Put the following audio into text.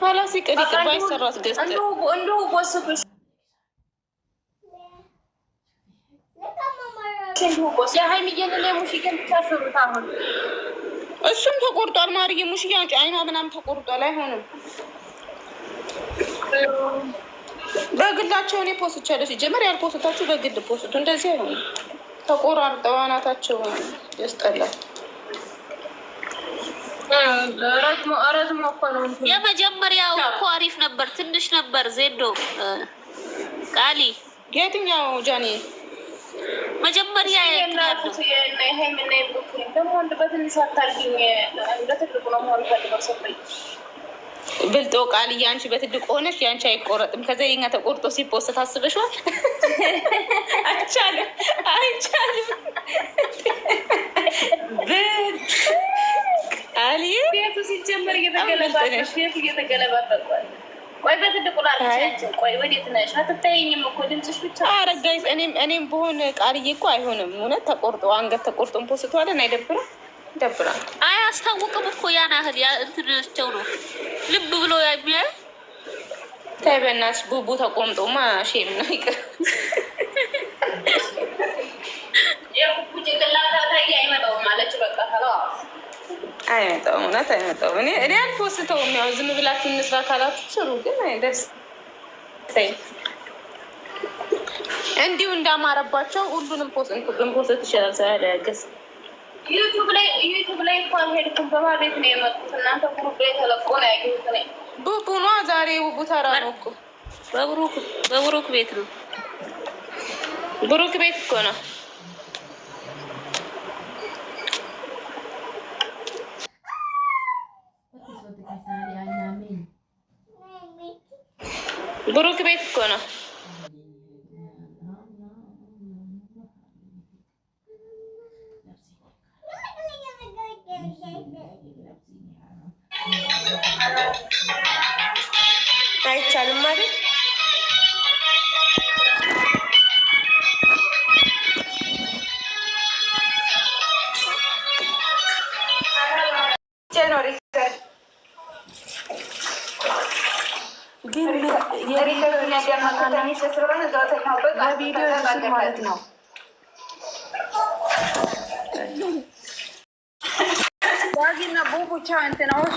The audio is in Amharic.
ኋላ ሲቀድ ይቅርባ ይሰራት ገስ እንዲሁ ጎስቶች የሀይሚዬን ላይ ሙሽዬን አሁን እሱም ተቆርጧል። ማርዬ ሙሽዬ አንቺ አይኗ ተቆርጧል። አይሆንም በግላቸው እኔ ፖስት ቻለ ሲጀመር ያልፖስታችሁ በግል ፖስቱ እንደዚህ አይሆንም። ተቆራርጠው አናታቸው ያስጠላል። የመጀመሪያው እኮ አሪፍ ነበር፣ ትንሽ ነበር። ዜዶ ቃሊ የትኛው ጃኒ መጀመሪያ ብልጦ ቃል እያንቺ በትልቁ ሆነሽ ያንቺ አይቆረጥም። ከዚ የኛ ተቆርጦ ሲፖስት ታስበሽዋል። አይቻልም አይቻልም ሲጀመር እየተገለባበጥኩ ቆይ በትልቁ ላርቻቸው። ቆይ ወዴት ነሽ? አትታየኝም እኮ ድምፅሽ ብቻ። ኧረ ጋይስ፣ እኔም እኔም በሆነ ቃልዬ እኮ አይሆንም። እውነት ተቆርጦ አንገት ተቆርጦ ፖስቷለን። አይደብርም? ይደብራል። አይ አስታወቅም እኮ ያን ያህል እንትንቸው ነው። ልብ ብሎ የሚያዩ ተይ ቡቡ ተቆምጦማ ሼም ነው ይቅር አይመጣውም፣ እውነት አይመጣውም። እኔ እኔ አልፖስተውም። ያው ዝም ብላችሁ እንስራ ካላችሁ ስሩ፣ ግን እንዲሁ እንዳማረባቸው ሁሉንም ፖስት ይችላል። ሳያደገስ ዩቱብ ላይ ዩቱብ ላይ እንኳን ሄድኩም በማለት ነው የመጡት እናንተ ጉሩብ ላይ ተለቆ ነው ያየሁት። ቡቡ ነዋ ዛሬ ቡቡ ተራ ነው እኮ በብሩክ ቤት ነው ብሩክ ቤት እኮ ነው። ብሩክ ቤት እኮ ነው። አይቻልም ማለት ጀኖሪ ግን በቪዲዮ ማለት ነው ዳጊና ቡቡ እንትና